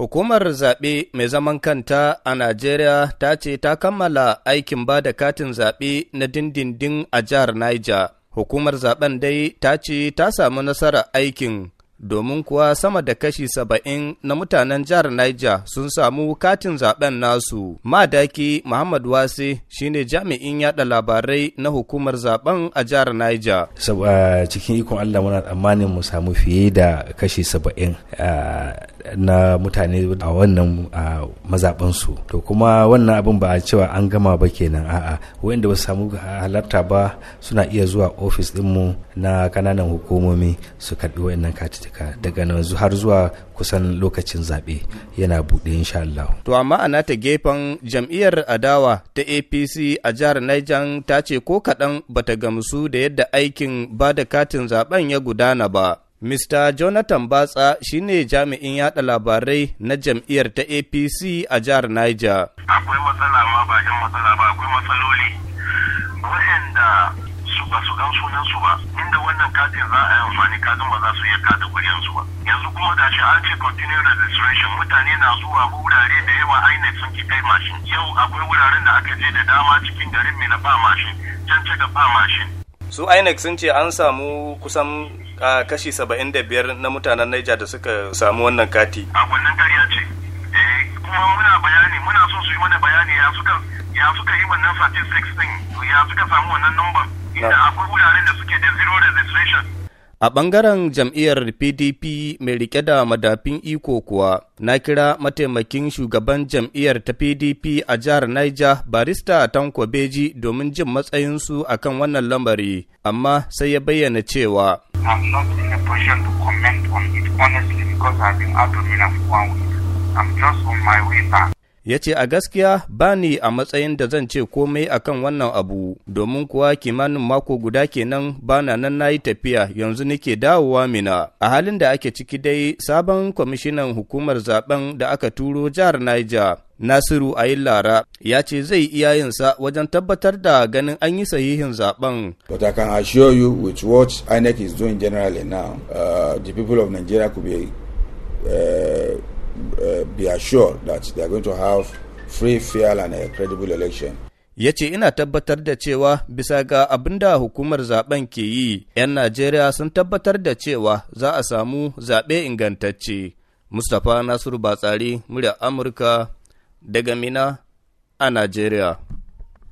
Hukumar zaɓe mai zaman kanta a Najeriya ta ce ta kammala aikin ba da katin zaɓe na dindindin a jihar Niger. Hukumar zaben dai ta ce ta samu nasara aikin domin kuwa sama da kashi saba'in na mutanen jihar Niger sun samu katin zaben nasu. Madaki Muhammad Wase shine jami'in yada labarai na hukumar zaben a jihar Niger. cikin ikon Allah muna tsammanin mu samu fiye da kashi saba'in na mutane a wannan su. to kuma wannan abin ba a cewa an gama ba kenan a'a wanda ba samu halarta ba suna iya zuwa ofis ɗinmu na kananan hukumomi su karɓi wayannan katitika amurka daga nan har zuwa kusan lokacin zaɓe yana buɗe insha Allah. to amma ana ta gefen jam'iyyar adawa ta apc a jihar niger ta ce ko kaɗan bata gamsu da yadda aikin ba da katin zaben ya gudana ba Mr. Jonathan Batsa shine jami'in yada labarai na jam'iyyar ta APC a jihar Niger. Akwai matsala ma ba matsala ba akwai matsaloli Wa'anda su ba su gan sunansu ba. wannan katin za a yi amfani kadin ba za su iya kada su ba yanzu kuma shi an ce continue registration mutane na zuwa wurare da yawa inec sun ki kai mashin yau akwai wuraren da aka je da dama cikin garin mai na ba mashin can ce da ba mashin su inec sun ce an samu kusan kashi saba'in da biyar na mutanen Niger da suka samu wannan kati a wannan karya ce eh, kuma muna bayani muna so su yi mana bayani ya suka ya suka yi wannan statistics din ya suka samu wannan number A ɓangaren jam'iyyar PDP mai rike da madafin iko kuwa, na kira mataimakin shugaban jam'iyyar ta PDP a jihar Niger barista Tanko Beji domin jin matsayinsu a kan wannan lamari, amma sai ya bayyana cewa. not I'm just on my way back. ya ce a gaskiya ba ni a matsayin da zan ce komai a kan wannan abu domin kuwa kimanin mako guda kenan ba na nan na yi tafiya yanzu nake dawowa mina a halin da ake ciki dai sabon kwamishinan hukumar zaben da aka turo jihar Niger Nasiru Ayilara ya ce zai iya yin sa wajen tabbatar da ganin an yi sahihin zaben. But I can assure you with what INEC is doing generally now, uh, the people of Nigeria could be assured that they are going to have free, fair and a credible election. ya ce ina tabbatar da cewa bisa ga abin da hukumar zaben ke yi 'yan najeriya sun tabbatar da cewa za a samu zaɓe ingantacce mustapha nasiru batsari murya amurka daga mina a najeriya